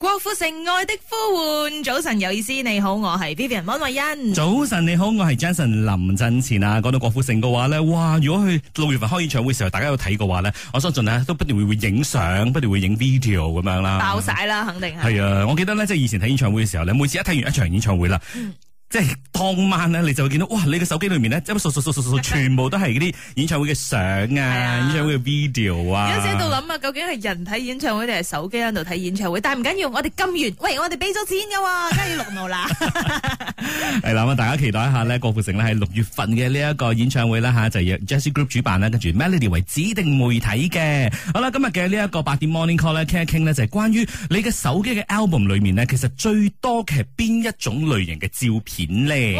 郭富城愛的呼喚，早晨有意思，你好，我係 Vivian 溫慧欣。早晨你好，我係 Jason 林振前啊。講到郭富城嘅話咧，哇！如果去六月份開演唱會嘅時候，大家有睇嘅話咧，我相信咧都不斷會會影相，不斷會影 video 咁樣啦，爆晒啦，肯定係。係啊，我記得咧，即係以前睇演唱會嘅時候咧，每次一睇完一場演唱會啦。嗯即係當晚咧，你就會見到哇！你嘅手機裏面咧，全部都係嗰啲演唱會嘅相啊，的演唱會嘅 video 啊。有喺度諗啊，究竟係人睇演唱會定係手機喺度睇演唱會？但係唔緊要，我哋今月喂，我哋俾咗錢噶，梗係要六號啦。係啦，咁大家期待一下呢。郭富城呢，喺六月份嘅呢一個演唱會啦，吓，就係 Jesse Group 主辦啦，跟住 Melody 為指定媒體嘅。好啦，今日嘅呢一個八點 Morning Call 咧，傾一傾呢就係關於你嘅手機嘅 album 裏面呢，其實最多嘅係邊一種類型嘅照片？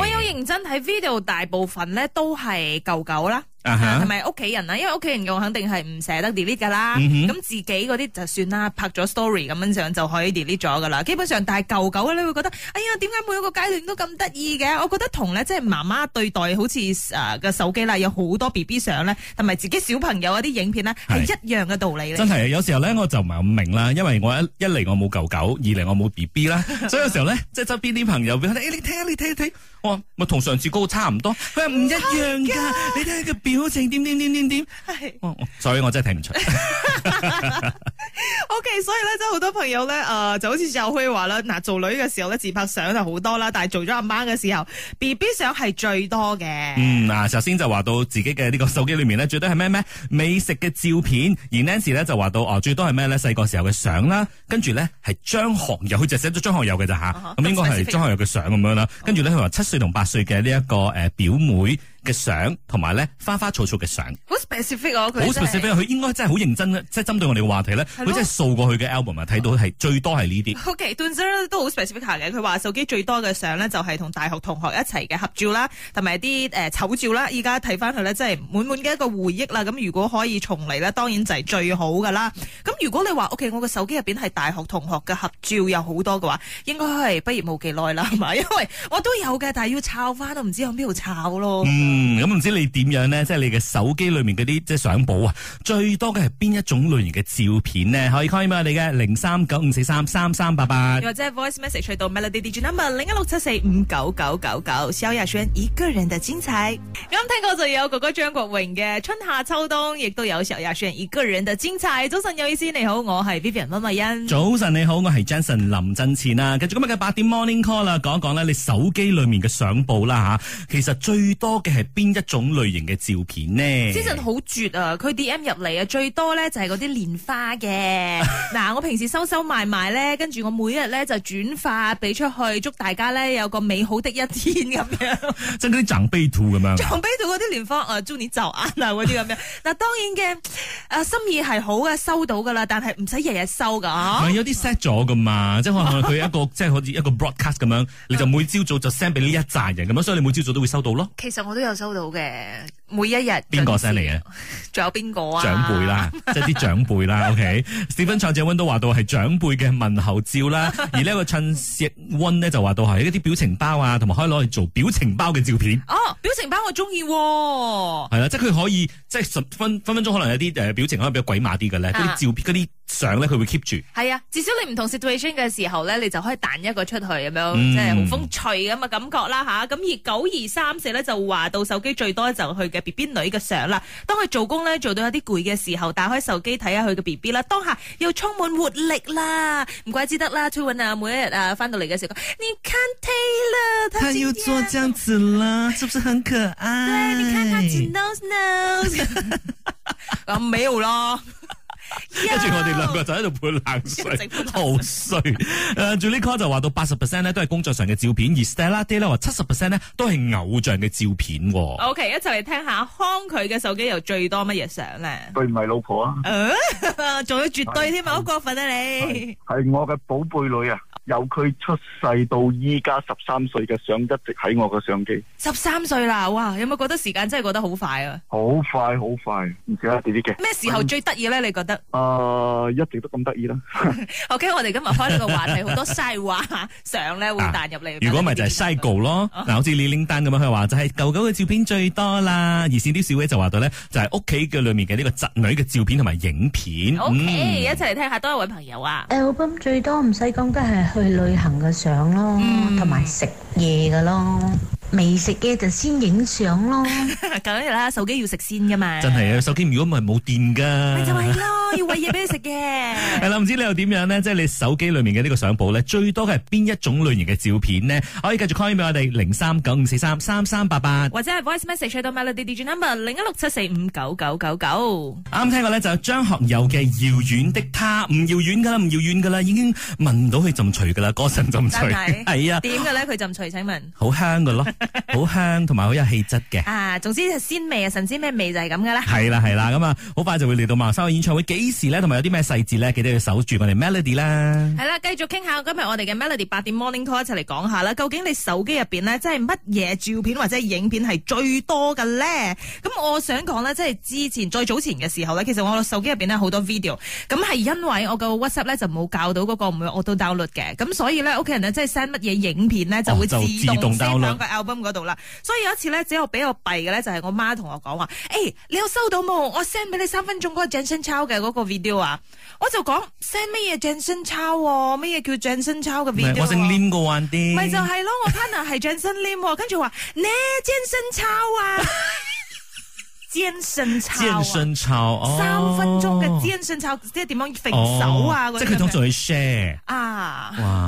我有認真睇 video，大部分咧都係狗狗啦。同埋屋企人啊？因為屋企人用肯定係唔捨得 delete 噶啦。咁、uh huh. 自己嗰啲就算啦，拍咗 story 咁樣樣就可以 delete 咗噶啦。基本上，但係狗狗咧你會覺得，哎呀，點解每一個階段都咁得意嘅？我覺得同咧，即係媽媽對待好似誒嘅手機啦，有好多 B B 相咧，同埋自己小朋友一啲影片咧，係一樣嘅道理咧。真係，有時候咧我就唔係咁明啦，因為我一嚟我冇狗狗，二嚟我冇 B B 啦，huh. 所以有時候咧，即係周邊啲朋友俾佢，誒、欸，你睇啊，你睇睇，我同上次嗰個差唔多。佢話唔一樣噶，的你睇個表。表情點，點點點，點點係，所以、oh, 我真係睇唔出。 O、okay, K，所以咧真係好多朋友咧，誒、呃，就好似就可以話啦，嗱，做女嘅時候咧自拍相就好多啦，但係做咗阿媽嘅時候，B B 相係最多嘅。嗯，嗱，首先就話到自己嘅呢個手機裏面咧，最多係咩咩美食嘅照片。而 Nancy 咧就話到哦、啊，最多係咩咧？細個時候嘅相啦，跟住咧係張學友，佢就寫咗張學友嘅咋吓？咁、uh huh, 應該係張學友嘅相咁樣啦。跟住咧佢話七歲同八歲嘅呢一個誒表妹嘅相，同埋咧花花草草嘅相。好 specific 哦、啊，佢好 specific，佢應該真係好認真，即係針對我哋嘅話題咧。佢即係掃過去嘅 album 啊，睇到係、oh. 最多係呢啲。OK，Dancer 都好 specific 嘅，佢話手機最多嘅相咧就係同大學同學一齊嘅合照啦，同埋啲誒醜照啦。而家睇翻佢咧，真係滿滿嘅一個回憶啦。咁如果可以重嚟咧，當然就係最好噶啦。咁如果你話 OK，我個手機入邊係大學同學嘅合照有好多嘅話，應該係畢業冇幾耐啦，係嘛？因為我都有嘅，但係要抄翻都唔知有邊度抄咯。嗯，咁唔知你點樣咧？即係你嘅手機裏面嗰啲即係相簿啊，最多嘅係邊一種類型嘅照片咧？可以 call 嘛？嚟嘅零三九五四三三三八八，或者 voice message 去到 melody D G number 零一六七四五九九九九，蕭亞軒一個人的精彩。咁聽過就有哥哥張國榮嘅春夏秋冬，亦都有蕭亞軒一個人的精彩。早晨有意思，你好，我係 Vivian 溫文茵。早晨你好，我係 Jensen 林振前啦、啊。跟住今日嘅八點 morning call 啦，講一講咧，你手機裏面嘅相簿啦吓，其實最多嘅係邊一種類型嘅照片呢？Jensen、嗯、好絕啊，佢 D M 入嚟啊，最多咧就係嗰啲蓮花嘅。誒，嗱、 啊，我平時收收埋埋咧，跟住我每日咧就轉發俾出去，祝大家咧有個美好的一天咁樣，即係啲長輩圖咁樣，長輩圖嗰啲聯方，誒、啊，中年就眼啊嗰啲咁樣。嗱、 啊，當然嘅，誒、啊，心意係好嘅，收到噶啦，但係唔使日日收噶。唔、啊、係 有啲 set 咗噶嘛，即係可能佢一個即係好似一個 broadcast 咁樣，你就每朝早就 send 俾呢一扎人咁樣，所以你每朝早都會收到咯。其實我都有收到嘅。每一日邊個聲嚟嘅？仲有邊個啊？長輩啦，即係啲長輩啦。 OK，十分創作者都話到係長輩嘅問候照啦。 而呢個親攝溫呢，咧就話到係一啲表情包啊，同埋可以攞嚟做表情包嘅照片。哦，表情包我中意，哦。係啦，即係佢可以即係分，分分分鐘可能有啲誒表情可能比較鬼馬啲嘅咧，嗰啲，啊、照嗰啲相咧佢會 keep 住。係啊，至少你唔同 situation 嘅時候咧，你就可以彈一個出去咁樣，即係好風趣咁嘅感覺啦吓。咁，嗯、而九二三四咧就話到手機最多就去，是 B B 女嘅相啦，當佢做工咧做到有啲攰嘅時候，打開手機睇下佢嘅 B B 啦，當下又充滿活力啦，唔怪之得啦，t w 阿梅啊翻到嚟嘅時候。你看 Taylor，他又做這樣子啦，是不是很可愛？對，你看他 knows now。咁 沒有啦。跟住我哋兩個就喺度潑冷水，好衰。誒壞，做呢科就話到八十 percent 咧，都係工作上嘅照片；而 Stella 姐咧，話七十 percent 咧，都係偶像嘅照片。OK，一齊嚟聽下康佢嘅手機有最多乜嘢相咧？佢唔係老婆啊？仲要、啊、絕對添啊，是 好過分啊你！係我嘅寶貝女啊，由佢出世到依家十三歲嘅相，一直喺我嘅相機。十三歲啦，哇！有冇覺得時間真係過得好快啊？好快，好快，唔少一啲啲嘅。咩時候最得意咧？你覺得？Uh, 一直都咁得意啦。 OK，我哋今日開呢個話題好 多晒話相咧，會彈入嚟。如果唔係就晒高咯。嗱，好似李玲丹咁樣，佢話、oh. 就係狗狗嘅照片最多啦。而線啲小姐就話到咧，就係屋企嘅裏面嘅呢個侄女嘅照片同埋影片。OK，、嗯、一齊嚟聽下多一位朋友啊。Album 最多唔使講，都係去旅行嘅相咯，同埋、嗯、食嘢嘅咯。未食嘅就先影相咯，梗係 啦，手機要食先噶嘛。 真係啊，手機如果唔係冇電噶。咪就係咯，要餵嘢俾佢食嘅。係啦， 唔 知你又點樣咧？即係你手機裏面嘅呢個相簿咧，最多係邊一種類型嘅照片咧？可以繼續 call 俾我哋零三九五四三三三八八，或者係 voice message 到 melody DJ number 零一六七四五九九九九。啱啱 聽過咧，就係張學友嘅遙遠的他，唔遙遠噶啦，唔遙遠噶啦，已經聞到佢浸除噶啦，歌神浸除，係啊是。點嘅咧？佢浸除，請問。好 香嘅咯。 好 香，同埋好有氣質嘅。啊，總之鮮味啊，甚至咩味就係咁噶啦。係啦係啦，咁啊，好快就會嚟到馬生嘅演唱會，幾時咧？同埋有啲咩細節咧？記得要守住我哋 Melody 啦。係啦，繼續傾下今日我哋嘅 Melody 八點 Morning Call 一齊嚟講下啦。究竟你手機入邊呢？即係乜嘢照片或者影片係最多嘅咧？咁我想講呢，即係之前最早前嘅時候呢，其實我手機入邊呢好多 video。咁係因為我個 WhatsApp 咧就冇教到嗰個唔會 auto download 嘅，咁所以呢，屋企人即係 send 乜嘢影片呢，就會自動、哦度啦，所以有一次咧，只有俾我閉嘅咧，就係我媽同我講話：，誒，你有收到冇？我 send 俾你三分鐘嗰個健身操嘅嗰個 video 啊！我就講 send 乜嘢健身操？乜嘢叫健身操嘅 video？我姓 Lim 嘅話啲，咪就係咯，我 partner 係健身 Lim，跟住話你健身操啊，健身操，健身操，三分鐘嘅健身操，即係點樣分手啊？即係佢通常 share 啊！哇！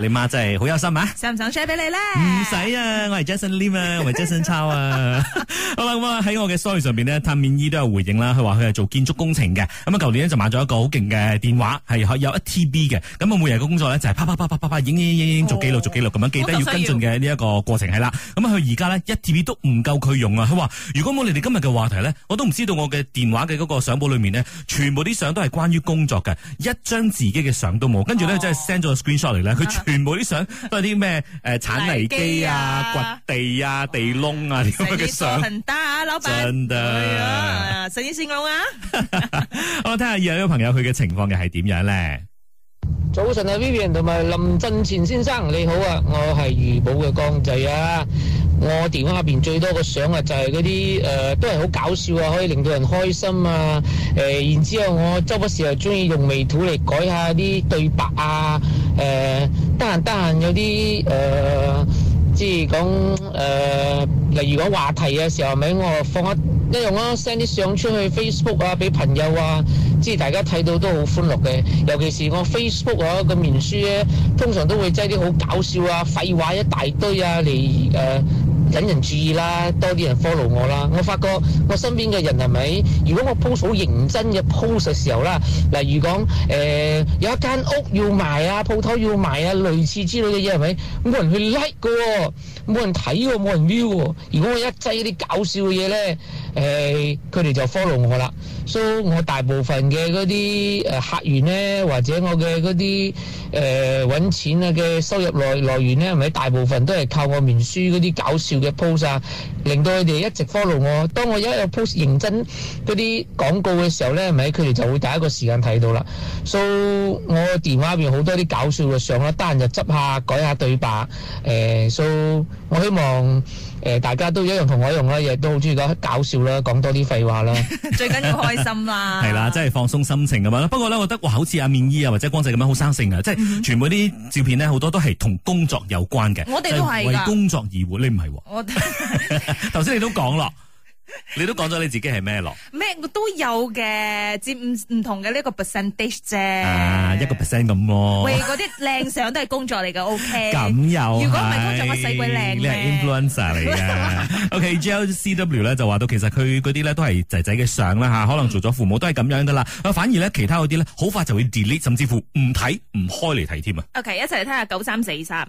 你媽真係好有心啊！想唔想 share 俾你咧？唔使啊！我係 Jason Lim 啊，我係 Jason Chau 啊。 好啦，咁啊喺我嘅 story 上邊呢，探面姨都有回應啦。佢話佢係做建築工程嘅，咁啊舊年就買咗一個好勁嘅電話，係有一 TB 嘅。咁啊每日嘅工作咧就係啪啪啪啪啪影影影影做記錄、哦、做記錄咁樣，記得要跟進嘅呢一個過程係啦。咁啊佢而家呢，一 TB 都唔夠佢用啊！佢話如果冇你哋今日嘅話題呢，我都唔知道我嘅電話嘅嗰個相簿裏面呢，全部啲相都係關於工作嘅，一張自己嘅相都冇。跟住咧真係 send 咗個 screen shot 嚟咧。全部啲相都係啲咩誒，鏟泥機啊、掘地啊、地窿啊啲咁嘅相，真得啊，老闆，真得，十一線龍啊！我睇下又有朋友佢嘅情況又係點樣咧？早晨啊，Vivian 同埋林振前先生，你好啊，我係余寶嘅江仔啊。我電話下邊最多嘅相啊，就係嗰啲誒，都係好搞笑啊，可以令到人開心啊。誒，然之後我周不時又中意用微圖嚟改下啲對白啊。誒得閒得閒有啲誒，即係講誒，例如講話題嘅時候，咪我放一一樣、哦、一 send 啲相出去 Facebook 啊，俾朋友啊，即係大家睇到都好歡樂嘅。尤其是我 Facebook 啊個面書咧，通常都會擠啲好搞笑啊，廢話一大堆啊嚟誒。引人注意啦，多啲人 follow 我啦。我發覺我身邊嘅人係咪？如果我 post 好認真嘅 post 嘅時候啦，例如講誒、呃、有一間屋要賣啊，鋪頭要賣啊，類似之類嘅嘢係咪？冇人去 like 嘅喎、哦，冇人睇喎，冇人 view 喎。如果我一擠啲搞笑嘅嘢咧～誒佢哋就 follow 我啦，so 我大部分嘅嗰啲誒客源咧，或者我嘅嗰啲誒揾錢啊嘅收入來來源咧，係咪大部分都係靠我面書嗰啲搞笑嘅 post 啊，令到佢哋一直 follow 我。當我一有 post 認真嗰啲廣告嘅時候咧，係咪佢哋就會第一個時間睇到啦。so 我電話入面好多啲搞笑嘅相啦，得閒就執下改一下對白，誒 so 我希望。誒，大家都一樣同我一樣啦，亦都好中意講搞笑啦，講多啲廢話啦， 最緊要開心啦，係啦， 真係放鬆心情咁樣啦。不過咧，我覺得哇，好似阿綿姨啊或者光仔咁樣好生性啊，即係、嗯、哼全部啲照片咧好多都係同工作有關嘅，我哋都係為工作而活，你唔係喎。頭 先你都講咯。你都講咗你自己係咩咯？咩我都有嘅，佔唔唔同嘅呢個 percentage 啫。啊，一個 percent 咁咯。喂、啊，嗰啲靚相都係工作嚟嘅，O K。咁有 okay?，如果唔係工作乜使鬼靚咧？你係 influencer 嚟嘅。O K，J L C W 咧就話到，其實佢嗰啲咧都係仔仔嘅相啦吓，可能做咗父母都係咁樣噶啦。啊，反而咧其他嗰啲咧，好快就會 delete，甚至乎唔睇唔開嚟睇添啊。O、okay, K，一齊嚟睇下九三四三。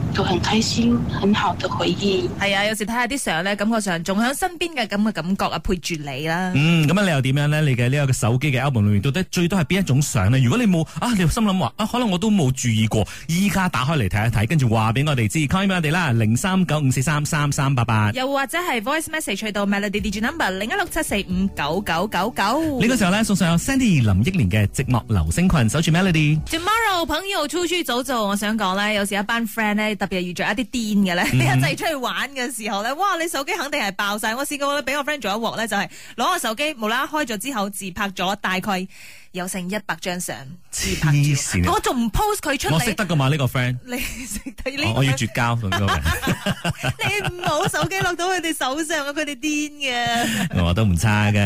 都很開心，很好的回憶。係啊，有時睇下啲相咧，感覺上仲響身邊嘅咁嘅感覺啊，陪住你啦。嗯，咁啊，你又點樣咧？你嘅呢個嘅手機嘅 album 裏面，到底最多係邊一種相咧？如果你冇啊，你心諗話啊，可能我都冇注意過。依家打開嚟睇一睇，跟住話俾我哋知，call 俾我哋啦，零三九五四三三三八八。又或者係 Voice Message 去到 Melody Digital Number 零一六七四五九九九九。呢、嗯、個時候咧，送上 Sandy 林憶蓮嘅《寂寞流星群》守，守住 Melody。Tomorrow 朋友，早早早早，我想講咧，有時有一班 friend 咧。特別係遇着一啲癲嘅咧，一陣出去玩嘅時候咧，哇！你手機肯定係爆晒。我試過咧，俾我 friend 做一鑊咧，就係攞個手機無啦開咗之後自拍咗大概。有成一百張相黐我仲唔 post 佢出嚟？我識得噶嘛呢、這個 friend？你識得呢、哦？我要絕交。 個 你唔好手機落到佢哋手上啊！佢哋癲嘅。 我都唔差嘅。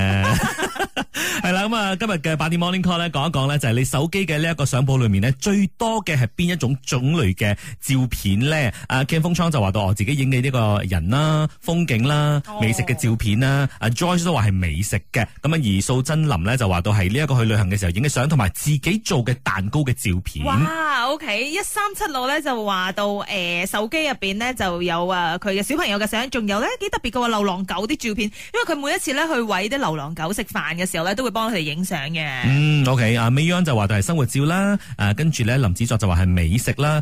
係啦，咁啊，今日嘅八點 morning call 咧，講一講咧，就係你手機嘅呢一個相簿裏面咧，最多嘅係邊一種種類嘅照片咧？阿 Ken 風窗就話到我自己影你呢個人啦、啊、風景啦、啊、哦、美食嘅照片啦、啊。阿 Joyce 都話係美食嘅，咁啊，而數真林咧就話到係呢一個去旅行嘅。嘅時候影嘅相同埋自己做嘅蛋糕嘅照片。哇，O K，一三七六咧就話到，誒，手機入邊咧就有啊，佢嘅小朋友嘅相，仲有咧幾特別嘅喎，流浪狗啲照片。因為佢每一次咧去餵啲流浪狗食飯嘅時候咧，都會幫佢哋影相嘅。嗯，O K，Mayan 就話到係生活照啦，啊，跟住咧林子作就話係美食啦，誒，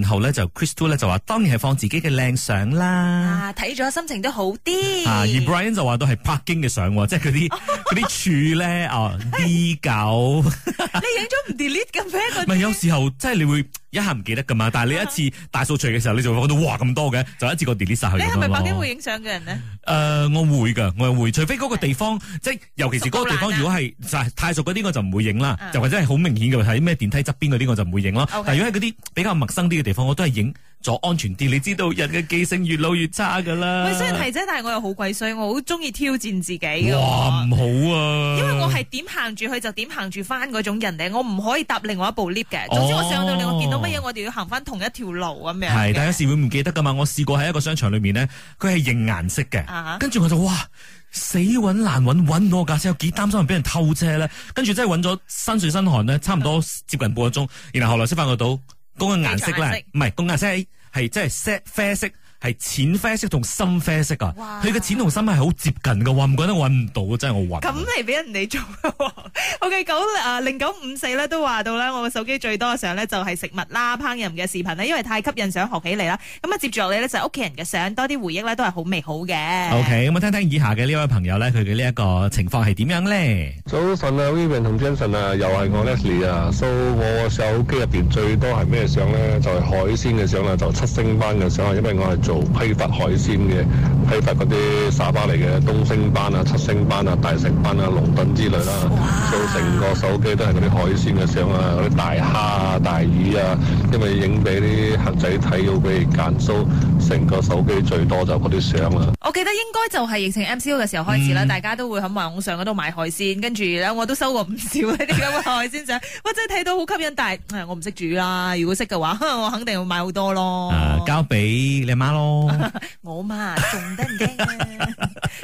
然後咧就 Crystal 呢就話當然係放自己嘅靚相啦。啊，睇咗心情都好啲。啊，而 Brian 就話到係 Parking 嘅相，即係嗰啲嗰啲柱咧，啊，啲有， 你影咗唔 delete 咁咩？佢唔係有時候，即係你會一下唔記得噶嘛。但係你一次大掃除嘅時候，你就會覺得哇咁多嘅，就一次個 delete 晒去了。你係咪百幾會影相嘅人咧？誒、呃，我會噶，我會。除非嗰個地方，即係的尤其是嗰個地方，如果係太熟嗰啲，我就唔會影啦。就、嗯、或者係好明顯嘅，喺咩電梯側邊嗰啲，我就唔會影咯。Okay 但如果喺嗰啲比較陌生啲嘅地方，我都係影。坐安全啲，你知道人嘅記性越老越差噶啦。喂，雖然係啫，但係我又好鬼衰，我好中意挑戰自己。哇，唔好啊！因為我係點行住去就點行住翻嗰種人咧，我唔可以搭另外一部 lift 嘅。哦、總之我上到你我見到乜嘢，我哋要行翻同一條路咁樣。係，但有時會唔記得噶嘛。我試過喺一個商場裏面呢，佢係認顏色嘅。Uh huh. 跟住我就哇，死搵難搵，搵到架車，有幾擔心係俾人偷車咧。跟住真係搵咗身水身汗咧，差唔多接近半個鐘。然後後來先發覺到。嗰個顏色咧，唔係，嗰顏色係即係啡色。係淺啡色同深啡色啊，佢嘅淺同深係好接近噶，運唔覺得運唔到啊！真係我運咁嚟俾人哋做咯。OK，九啊零九五四咧都話到啦，我嘅手機最多嘅相咧就係食物啦、烹飪嘅視頻咧，因為太吸引想學起嚟啦。咁啊，接住落嚟咧就係屋企人嘅相，多啲回憶咧都係好美好嘅。OK，咁我聽聽以下嘅呢位朋友咧，佢嘅呢一個情況係點樣咧？早晨啊，Vivian 同 Justin 啊，又係我 Alex 啊。So 我手機入邊最多係咩相咧？就係、是、海鮮嘅相啦，就是、七星斑嘅相啦，因為我係批發海鮮嘅，批發嗰啲沙巴嚟嘅東星斑啊、七星斑啊、大石斑啊、龍躉之類啦，啊，所以成哇個手機都係嗰啲海鮮嘅相啊，嗰啲大蝦啊、大魚啊，因為影俾啲客仔睇到佢揀 show。成個手機最多就嗰啲相啦。我記得應該就係疫情 MCO 嘅時候開始啦，嗯、大家都會喺網上嗰度買海鮮，跟住咧我都收過唔少呢啲咁嘅海鮮相。 我真係睇到好吸引，但係、哎、我唔識煮啦。如果識嘅話，我肯定會買好多咯。啊、交俾你媽咯。 我媽仲得唔得啊？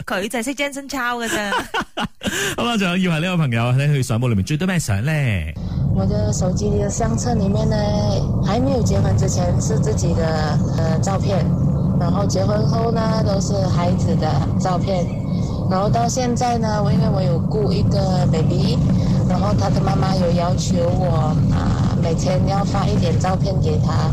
佢就係識將新抄嘅咋。 好啦，仲有二位呢個朋友呢，你去相簿裏面最多咩相咧？我的手機裏的相冊裏面呢還沒有結婚之前是自己的呃照片，然後結婚後呢都是孩子的照片，然後到現在呢，我因為我有雇一個 baby，然後他的媽媽有要求我啊、呃、每天要發一點照片給他。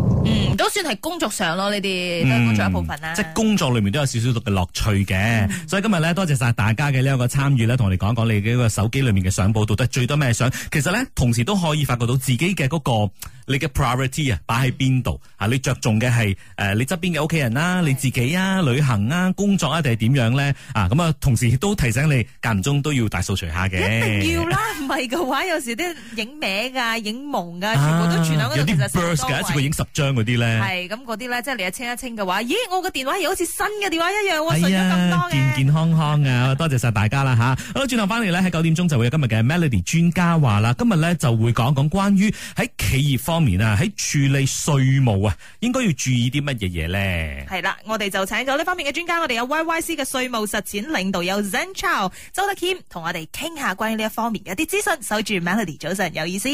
嗯，都算係工作上咯呢啲，都係工作一部分啦。即係工作裏面都有少少嘅樂趣嘅，所以今日咧多謝晒大家嘅呢個參與咧，同我哋講一講你嘅一個手機裏面嘅相簿到底最多咩相。其實咧同時都可以發覺到自己嘅嗰個你嘅 priority 啊，擺喺邊度啊？你着重嘅係誒你側邊嘅屋企人啦、你自己啊、旅行啊、工作啊，定係點樣咧啊？咁啊，同時亦都提醒你間唔中都要大掃除下嘅。一定要啦，唔係嘅話，有時啲影歪噶、影蒙噶，全部都存喺嗰個。有啲就 burst 嘅，一次過影十張。嗰啲咧，係咁嗰啲咧，即係你一清一清嘅話，咦，我個電話又好似新嘅電話一樣，剩咗咁多嘅，健健康康啊！ 多謝晒大家啦吓， 好，轉頭翻嚟咧，喺九點鐘就會有今日嘅 Melody 專家話啦，今日咧就會講講關於喺企業方面啊，喺處理稅務啊，應該要注意啲乜嘢嘢咧？係啦，我哋就請咗呢方面嘅專家，我哋有 Y Y C 嘅稅務實踐領導有 Zen Chow 周德謙，同我哋傾下關於呢一方面嘅一啲資訊，守住 Melody，早晨有意思。